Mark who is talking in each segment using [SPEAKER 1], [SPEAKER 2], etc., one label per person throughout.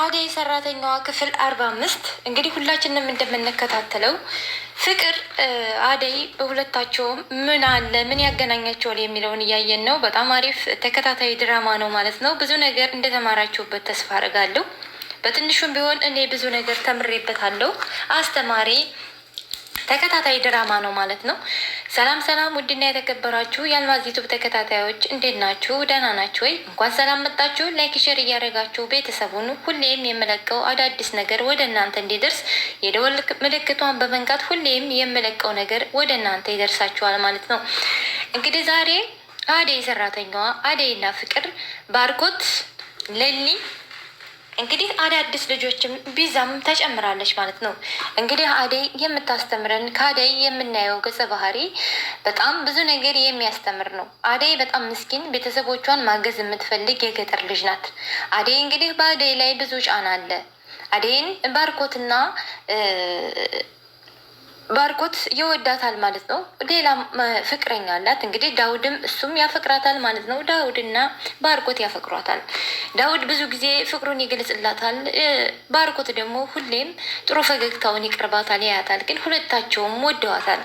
[SPEAKER 1] አደይ ሰራተኛዋ ክፍል አርባ አምስት እንግዲህ ሁላችንም እንደምንከታተለው ፍቅር አደይ በሁለታቸውም ምን አለ ምን ያገናኛቸዋል የሚለውን እያየን ነው። በጣም አሪፍ ተከታታይ ድራማ ነው ማለት ነው። ብዙ ነገር እንደተማራችሁበት ተስፋ አድርጋለሁ። በትንሹም ቢሆን እኔ ብዙ ነገር ተምሬበታለሁ። አስተማሪ ተከታታይ ድራማ ነው ማለት ነው። ሰላም ሰላም፣ ውድና የተከበራችሁ የአልማዝ ዩቱብ ተከታታዮች እንዴት ናችሁ? ደህና ናችሁ ወይ? እንኳን ሰላም መጣችሁ። ላይክ ሼር እያደረጋችሁ ቤተሰቡን ሁሌም የምለቀው አዳዲስ ነገር ወደ እናንተ እንዲደርስ የደወል ምልክቷን በመንካት ሁሌም የምለቀው ነገር ወደ እናንተ ይደርሳችኋል ማለት ነው። እንግዲህ ዛሬ አደይ ሰራተኛዋ አደይና ፍቅር ባርኮት ለሊ እንግዲህ አዳዲስ ልጆችም ቢዛም ተጨምራለች ማለት ነው። እንግዲህ አደይ የምታስተምረን ከአደይ የምናየው ገጸ ባህሪ በጣም ብዙ ነገር የሚያስተምር ነው። አደይ በጣም ምስኪን፣ ቤተሰቦቿን ማገዝ የምትፈልግ የገጠር ልጅ ናት። አደይ እንግዲህ በአደይ ላይ ብዙ ጫና አለ። አደይን ባርኮትና ባርኮት ይወዳታል ማለት ነው። ሌላ ፍቅረኛ አላት እንግዲህ ዳውድም እሱም ያፈቅራታል ማለት ነው። ዳውድና ባርኮት ያፈቅሯታል። ዳውድ ብዙ ጊዜ ፍቅሩን ይገልጽላታል። ባርኮት ደግሞ ሁሌም ጥሩ ፈገግታውን ይቅርባታል፣ ያያታል። ግን ሁለታቸውም ወደዋታል።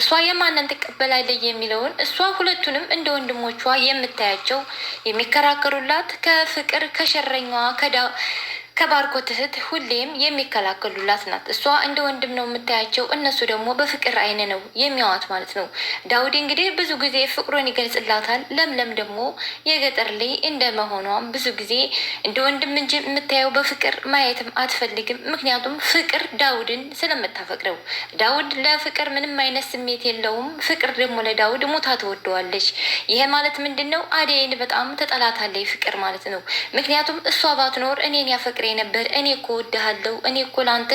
[SPEAKER 1] እሷ የማንን ትቀበላለች የሚለውን እሷ ሁለቱንም እንደ ወንድሞቿ የምታያቸው የሚከራከሩላት ከፍቅር ከሸረኛዋ ከባርኮት እህት ሁሌም የሚከላከሉላት ናት። እሷ እንደ ወንድም ነው የምታያቸው፣ እነሱ ደግሞ በፍቅር አይን ነው የሚያዋት ማለት ነው። ዳውድ እንግዲህ ብዙ ጊዜ ፍቅሩን ይገልጽላታል። ለምለም ደግሞ የገጠር ላይ እንደ መሆኗም ብዙ ጊዜ እንደ ወንድም እንጂ የምታየው በፍቅር ማየትም አትፈልግም። ምክንያቱም ፍቅር ዳውድን ስለምታፈቅረው፣ ዳውድ ለፍቅር ምንም አይነት ስሜት የለውም። ፍቅር ደግሞ ለዳውድ ሞታ ትወደዋለች። ይሄ ማለት ምንድን ነው? አደይን በጣም ተጠላታለች ፍቅር ማለት ነው። ምክንያቱም እሷ ባትኖር እኔን ያፈቅ ስትሞክሬ ነበር። እኔ እኮ ወድሃለሁ፣ እኔ እኮ ለአንተ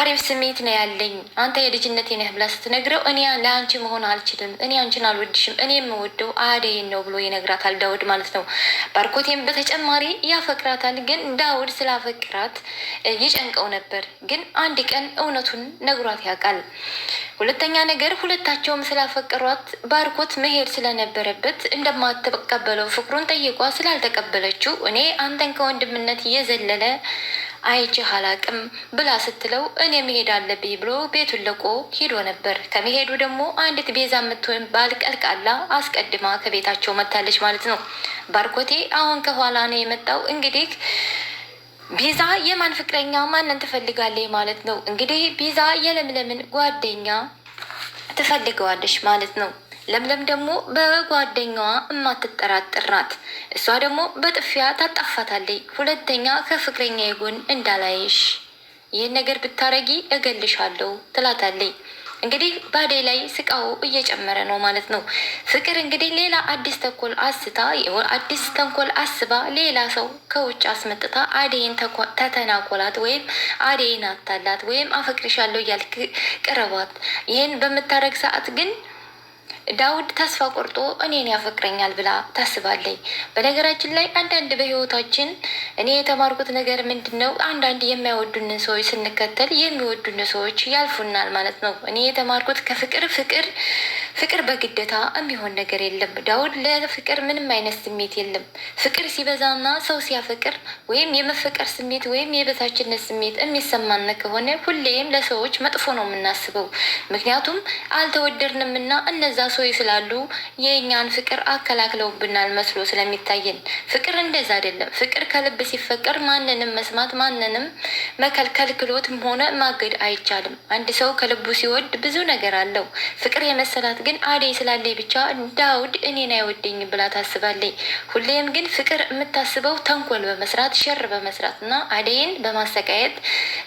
[SPEAKER 1] አሪፍ ስሜት ነው ያለኝ፣ አንተ የልጅነቴ ነህ ብላ ስትነግረው እኔ ለአንቺ መሆን አልችልም፣ እኔ አንቺን አልወድሽም፣ እኔ የምወደው አደይን ነው ብሎ ይነግራታል ዳውድ ማለት ነው። ባርኮቴም በተጨማሪ ያፈቅራታል፣ ግን ዳውድ ስላፈቅራት ይጨንቀው ነበር። ግን አንድ ቀን እውነቱን ነግሯት ያውቃል። ሁለተኛ ነገር ሁለታቸውም ስላፈቀሯት ባርኮት መሄድ ስለነበረበት እንደማትቀበለው ፍቅሩን ጠይቋ ስላልተቀበለችው እኔ አንተን ከወንድምነት እየዘለለ ስለሆነ አይቼ አላቅም ብላ ስትለው እኔ መሄድ አለብኝ ብሎ ቤቱን ለቆ ሄዶ ነበር። ከመሄዱ ደግሞ አንዲት ቤዛ የምትሆን ቀልቃላ አስቀድማ ከቤታቸው መታለች ማለት ነው። ባርኮቴ አሁን ከኋላ ነው የመጣው። እንግዲህ ቤዛ የማን ፍቅረኛ ማንን ትፈልጋለች ማለት ነው። እንግዲህ ቤዛ የለምለምን ጓደኛ ትፈልገዋለች ማለት ነው። ለምለም ደግሞ በጓደኛዋ እማትጠራጥር ናት። እሷ ደግሞ በጥፊያ ታጣፋታለች። ሁለተኛ ከፍቅረኛ ጎን እንዳላይሽ ይህን ነገር ብታረጊ እገልሻለሁ ትላታለች። እንግዲህ ባዴ ላይ ስቃው እየጨመረ ነው ማለት ነው። ፍቅር እንግዲህ ሌላ አዲስ ተንኮል አስታ አዲስ ተንኮል አስባ ሌላ ሰው ከውጭ አስመጥታ አደይን ተተናኮላት ወይም አደይን አታላት ወይም አፈቅርሻለሁ እያልክ ቅረቧት። ይህን በምታረግ ሰዓት ግን ዳውድ ተስፋ ቆርጦ እኔን ያፈቅረኛል ብላ ታስባለኝ። በነገራችን ላይ አንዳንድ በህይወታችን እኔ የተማርኩት ነገር ምንድን ነው፣ አንዳንድ የማይወዱንን ሰዎች ስንከተል የሚወዱን ሰዎች ያልፉናል ማለት ነው። እኔ የተማርኩት ከፍቅር ፍቅር ፍቅር በግደታ የሚሆን ነገር የለም። ዳውድ ለፍቅር ምንም አይነት ስሜት የለም። ፍቅር ሲበዛና ሰው ሲያፈቅር ወይም የመፈቀር ስሜት ወይም የበታችነት ስሜት የሚሰማን ከሆነ ሁሌም ለሰዎች መጥፎ ነው የምናስበው። ምክንያቱም አልተወደድንም እና እነዛ ሰው ስላሉ የእኛን ፍቅር አከላክለውብናል መስሎ ስለሚታየን፣ ፍቅር እንደዛ አይደለም። ፍቅር ከልብ ሲፈቀር ማንንም መስማት ማንንም መከልከል ክሎትም ሆነ ማገድ አይቻልም። አንድ ሰው ከልቡ ሲወድ ብዙ ነገር አለው። ፍቅር የመሰላት ግን አደይ ስላለኝ ብቻ ዳውድ እኔን አይወደኝ ብላ ታስባለኝ። ሁሌም ግን ፍቅር የምታስበው ተንኮል በመስራት ሸር በመስራት እና አደይን በማሰቃየት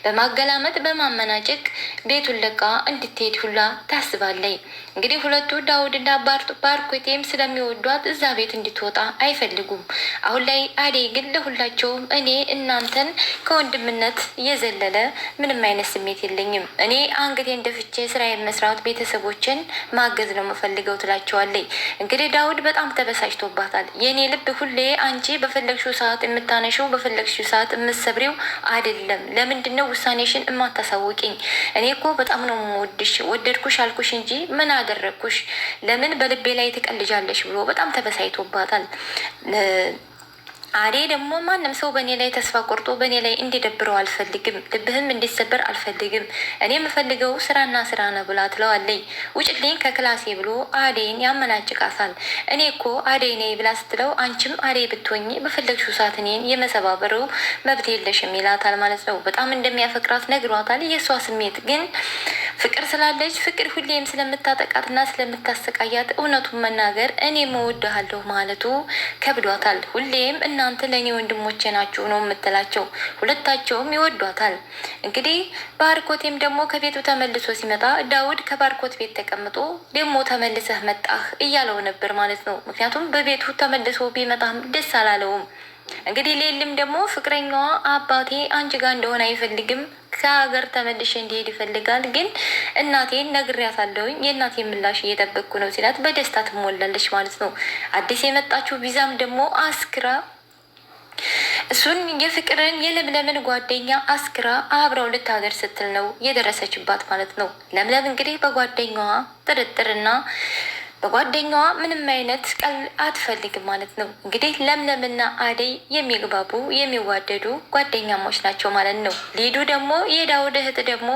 [SPEAKER 1] በማገላመጥ በማመናጨቅ ቤቱን ለቃ እንድትሄድ ሁላ ታስባለይ። እንግዲህ ሁለቱ ዳውድና ባርኮቴም ስለሚወዷት እዛ ቤት እንድትወጣ አይፈልጉም። አሁን ላይ አዴ ግን ለሁላቸውም እኔ እናንተን ከወንድምነት የዘለለ ምንም አይነት ስሜት የለኝም፣ እኔ አንገቴ እንደፍቼ ስራ መስራት፣ ቤተሰቦችን ማገዝ ነው የምፈልገው ትላቸዋለይ። እንግዲህ ዳውድ በጣም ተበሳጭቶባታል። የእኔ ልብ ሁሌ አንቺ በፈለግሽው ሰዓት የምታነሽው በፈለግሽው ሰዓት የምትሰብሪው አይደለም ለምንድን ነው ውሳኔሽን እማታሳውቂኝ እኔ እኮ በጣም ነው የምወድሽ፣ ወደድኩሽ አልኩሽ እንጂ ምን አደረግኩሽ? ለምን በልቤ ላይ ትቀልጃለሽ? ብሎ በጣም ተበሳይቶባታል። አዴ ደግሞ ማንም ሰው በእኔ ላይ ተስፋ ቆርጦ በእኔ ላይ እንዲደብረው አልፈልግም፣ ልብህም እንዲሰበር አልፈልግም። እኔ የምፈልገው ስራና ስራ ነው ብላ ትለዋለኝ። ውጭልኝ ከክላሴ ብሎ አዴን ያመናጭቃታል። እኔ እኮ አዴ ነኝ ብላ ስትለው አንቺም አዴ ብትሆኝ በፈለግሽው ሰዓት እኔን የመሰባበሩ መብት የለሽም ይላታል ማለት ነው። በጣም እንደሚያፈቅራት ነግሯታል። የእሷ ስሜት ግን ፍቅር ስላለች ፍቅር ሁሌም ስለምታጠቃትና ስለምታሰቃያት እውነቱን መናገር እኔ መወድሃለሁ ማለቱ ከብዷታል። ሁሌም እናንተ ለእኔ ወንድሞቼ ናችሁ ነው የምትላቸው። ሁለታቸውም ይወዷታል። እንግዲህ ባርኮቴም ደግሞ ከቤቱ ተመልሶ ሲመጣ ዳውድ ከባርኮት ቤት ተቀምጦ ደግሞ ተመልሰህ መጣህ እያለው ነበር ማለት ነው። ምክንያቱም በቤቱ ተመልሶ ቢመጣም ደስ አላለውም። እንግዲህ ሌልም ደግሞ ፍቅረኛዋ አባቴ አንቺ ጋር እንደሆነ አይፈልግም ከሀገር ተመልሼ እንዲሄድ ይፈልጋል። ግን እናቴን ነግሬያታለሁኝ የእናቴን ምላሽ እየጠበቅኩ ነው ሲላት በደስታ ትሞላለች ማለት ነው። አዲስ የመጣችው ቪዛም ደግሞ አስክራ እሱን የፍቅርን የለምለምን ጓደኛ አስክራ አብረው ሀገር ስትል ነው የደረሰችባት ማለት ነው። ለምለም እንግዲህ በጓደኛዋ ጥርጥርና በጓደኛዋ ምንም አይነት ቀል አትፈልግም ማለት ነው። እንግዲህ ለምለምና አደይ የሚግባቡ የሚዋደዱ ጓደኛሞች ናቸው ማለት ነው። ሊዱ ደግሞ የዳውድ እህት ደግሞ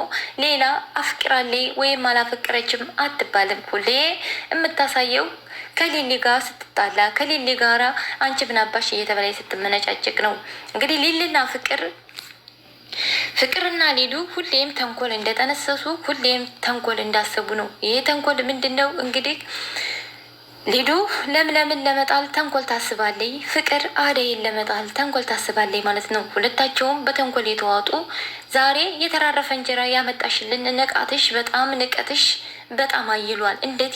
[SPEAKER 1] ሌላ አፍቅራሌ ወይም አላፈቅረችም አትባልም። ሁሌ የምታሳየው ከሊሊ ጋር ስትጣላ ከሊሊ ጋራ አንቺ ምናባሽ እየተበላይ ስትመነጫጭቅ ነው። እንግዲህ ሊልና ፍቅር ፍቅርና ሊዱ ሁሌም ተንኮል እንደጠነሰሱ ሁሌም ተንኮል እንዳሰቡ ነው። ይህ ተንኮል ምንድን ነው እንግዲህ ሊዱ ለምለምን ለመጣል ተንኮል ታስባለይ፣ ፍቅር አደይን ለመጣል ተንኮል ታስባለይ ማለት ነው። ሁለታቸውም በተንኮል የተዋጡ ዛሬ የተራረፈ እንጀራ ያመጣሽልን ንቃትሽ፣ በጣም ንቀትሽ በጣም አይሏል። እንዴት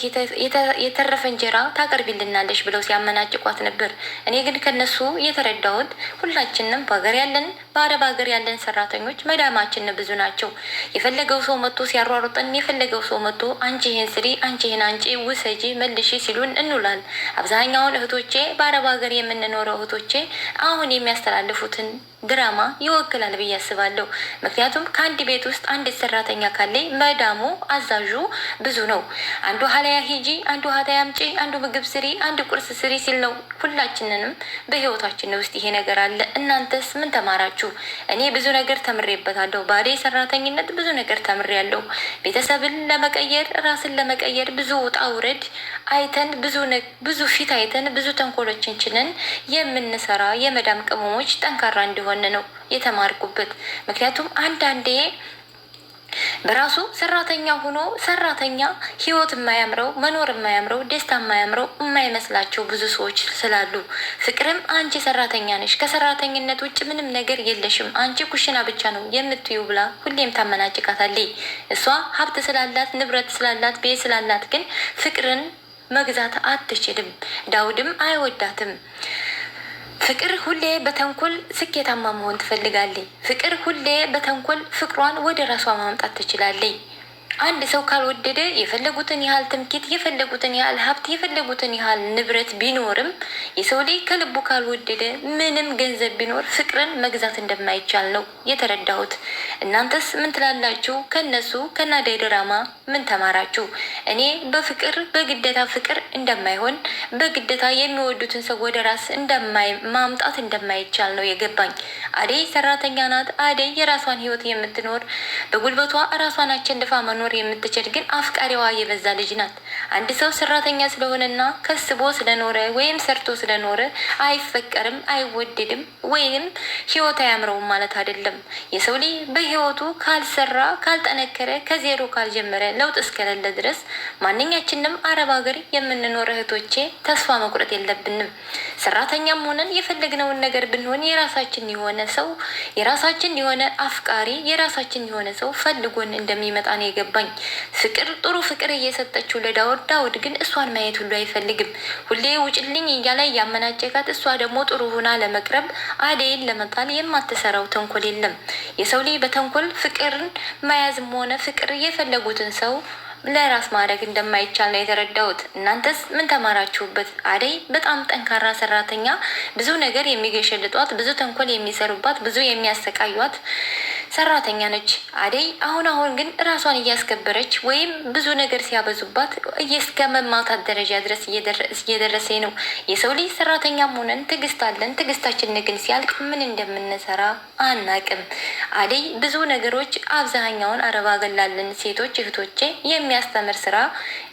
[SPEAKER 1] የተረፈ እንጀራ ታቀርቢልናለሽ ብለው ሲያመናጭቋት ነበር። እኔ ግን ከነሱ የተረዳሁት ሁላችንም በሀገር ያለን በአረብ ሀገር ያለን ሰራተኞች መዳማችን ብዙ ናቸው። የፈለገው ሰው መጥቶ ሲያሯሩጠን፣ የፈለገው ሰው መጥቶ አንቺ ይህን ስሪ፣ አንቺ ይህን አንጪ፣ ውሰጂ፣ መልሺ ሲሉን እንውላል። አብዛኛውን እህቶቼ በአረብ ሀገር የምንኖረው እህቶቼ አሁን የሚያስተላልፉትን ድራማ ይወክላል ብዬ አስባለሁ። ምክንያቱም ከአንድ ቤት ውስጥ አንድ ሰራተኛ ካለ መዳሙ አዛዡ ብዙ ነው። አንዱ ሀላያ ሂጂ፣ አንዱ ሀታያ አምጪ፣ አንዱ ምግብ ስሪ፣ አንድ ቁርስ ስሪ ሲል ነው። ሁላችንንም በህይወታችን ውስጥ ይሄ ነገር አለ። እናንተስ ምን ተማራችሁ? እኔ ብዙ ነገር ተምሬበታለሁ። ባዴ ሰራተኝነት ብዙ ነገር ተምሬያለሁ። ቤተሰብን ለመቀየር ራስን ለመቀየር ብዙ ውጣ ውረድ አይተን ብዙ ብዙ ፊት አይተን ብዙ ተንኮሎችን ችለን የምንሰራ የመዳም ቅመሞች ጠንካራ እንዲሆን እንደሆነ ነው የተማርኩበት። ምክንያቱም አንዳንዴ በራሱ ሰራተኛ ሆኖ ሰራተኛ ህይወት የማያምረው መኖር የማያምረው ደስታ የማያምረው የማይመስላቸው ብዙ ሰዎች ስላሉ፣ ፍቅርም አንቺ ሰራተኛ ነሽ፣ ከሰራተኝነት ውጭ ምንም ነገር የለሽም፣ አንቺ ኩሽና ብቻ ነው የምትዩ ብላ ሁሌም ታመናጭቃታለች። እሷ ሀብት ስላላት ንብረት ስላላት ቤት ስላላት ግን ፍቅርን መግዛት አትችልም። ዳውድም አይወዳትም። ፍቅር ሁሌ በተንኮል ስኬታማ መሆን ትፈልጋለች። ፍቅር ሁሌ በተንኮል ፍቅሯን ወደ ራሷ ማምጣት ትችላለች። አንድ ሰው ካልወደደ የፈለጉትን ያህል ትምኪት የፈለጉትን ያህል ሀብት፣ የፈለጉትን ያህል ንብረት ቢኖርም የሰው ላይ ከልቡ ካልወደደ ምንም ገንዘብ ቢኖር ፍቅርን መግዛት እንደማይቻል ነው የተረዳሁት። እናንተስ ምን ትላላችሁ? ከነሱ ከናዳይ ድራማ ምን ተማራችሁ? እኔ በፍቅር በግደታ ፍቅር እንደማይሆን በግደታ የሚወዱትን ሰው ወደ ራስ ማምጣት እንደማይቻል ነው የገባኝ። አደይ ሰራተኛ ናት። አደይ የራሷን ህይወት የምትኖር በጉልበቷ ራሷን አቸንድፋ መኖር መኖር የምትችል ግን አፍቃሪዋ የበዛ ልጅ ናት። አንድ ሰው ሰራተኛ ስለሆነና ከስቦ ስለኖረ ወይም ሰርቶ ስለኖረ አይፈቀርም፣ አይወደድም ወይም ህይወት አያምረውም ማለት አይደለም። የሰው ልጅ በህይወቱ ካልሰራ፣ ካልጠነከረ፣ ከዜሮ ካልጀመረ፣ ለውጥ እስከሌለ ድረስ ማንኛችንም አረብ ሀገር የምንኖር እህቶቼ ተስፋ መቁረጥ የለብንም። ሰራተኛም ሆነን የፈለግነውን ነገር ብንሆን የራሳችን የሆነ ሰው የራሳችን የሆነ አፍቃሪ የራሳችን የሆነ ሰው ፈልጎን እንደሚመጣ ነው የገባ አስገባኝ። ፍቅር ጥሩ ፍቅር እየሰጠችው ለዳውድ፣ ዳውድ ግን እሷን ማየት ሁሉ አይፈልግም። ሁሌ ውጭልኝ እያለ ያመናጨቃት፣ እሷ ደግሞ ጥሩ ሁና ለመቅረብ አደይን ለመጣል የማትሰራው ተንኮል የለም። የሰው ልጅ በተንኮል ፍቅርን መያዝም ሆነ ፍቅር የፈለጉትን ሰው ለራስ ማድረግ እንደማይቻል ነው የተረዳሁት። እናንተስ ምን ተማራችሁበት? አደይ በጣም ጠንካራ ሰራተኛ፣ ብዙ ነገር የሚገሸልጧት፣ ብዙ ተንኮል የሚሰሩባት፣ ብዙ የሚያሰቃዩት ሰራተኛ ነች። አደይ አሁን አሁን ግን ራሷን እያስከበረች ወይም ብዙ ነገር ሲያበዙባት እስከ መማታት ደረጃ ድረስ እየደረሰ ነው። የሰው ልጅ ሰራተኛም ሆነን ትዕግስት አለን። ትዕግስታችን ግን ሲያልቅ ምን እንደምንሰራ አናቅም። አደይ ብዙ ነገሮች አብዛኛውን አረባ ገላለን ሴቶች እህቶቼ የሚያስተምር ስራ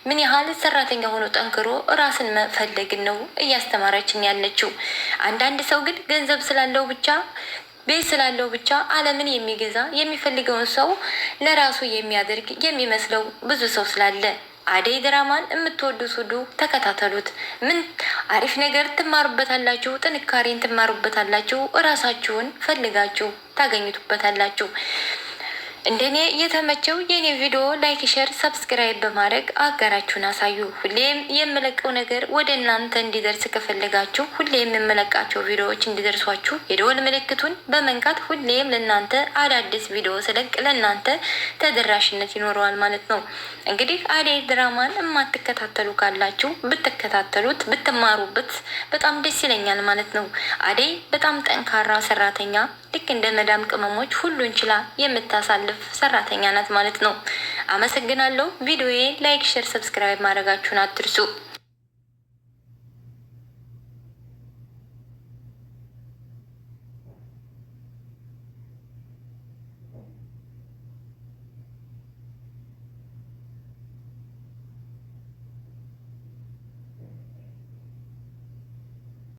[SPEAKER 1] ምን ያህል ሰራተኛ ሆኖ ጠንክሮ ራስን መፈለግን ነው እያስተማረችን ያለችው። አንዳንድ ሰው ግን ገንዘብ ስላለው ብቻ ቤት ስላለው ብቻ ዓለምን የሚገዛ የሚፈልገውን ሰው ለራሱ የሚያደርግ የሚመስለው ብዙ ሰው ስላለ አደይ ድራማን የምትወዱት ሱዱ ተከታተሉት። ምን አሪፍ ነገር ትማሩበታላችሁ፣ ጥንካሬን ትማሩበታላችሁ፣ እራሳችሁን ፈልጋችሁ ታገኙትበታላችሁ። እንደኔ እየተመቸው የኔ ቪዲዮ ላይክ፣ ሸር፣ ሰብስክራይብ በማድረግ አጋራችሁን አሳዩ። ሁሌም የምለቀው ነገር ወደ እናንተ እንዲደርስ ከፈለጋችሁ ሁሌም የምለቃቸው ቪዲዮዎች እንዲደርሷችሁ የደወል ምልክቱን በመንካት ሁሌም ለእናንተ አዳዲስ ቪዲዮ ስለቅ ለእናንተ ተደራሽነት ይኖረዋል ማለት ነው። እንግዲህ አደይ ድራማን የማትከታተሉ ካላችሁ ብትከታተሉት ብትማሩበት በጣም ደስ ይለኛል ማለት ነው። አደይ በጣም ጠንካራ ሰራተኛ ልክ እንደ መዳም ቅመሞች ሁሉን ችላ የምታሳልፍ ሰራተኛ ናት ማለት ነው። አመሰግናለሁ። ቪዲዮዬ ላይክ፣ ሼር፣ ሰብስክራይብ ማድረጋችሁን አትርሱ።